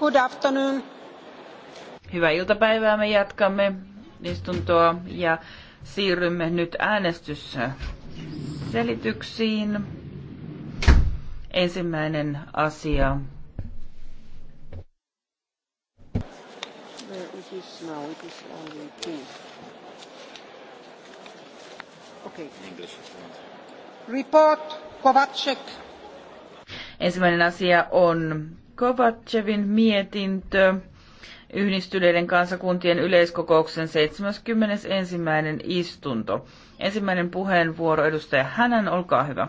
Good afternoon. Hyvää iltapäivää. Me jatkamme istuntoa ja siirrymme nyt äänestysselityksiin. Ensimmäinen asia. Okay. Report Kovacek. Ensimmäinen asia on Kovacevin mietintö yhdistyneiden kansakuntien yleiskokouksen 71. istunto. Ensimmäinen puheenvuoro edustaja Hänen, olkaa hyvä.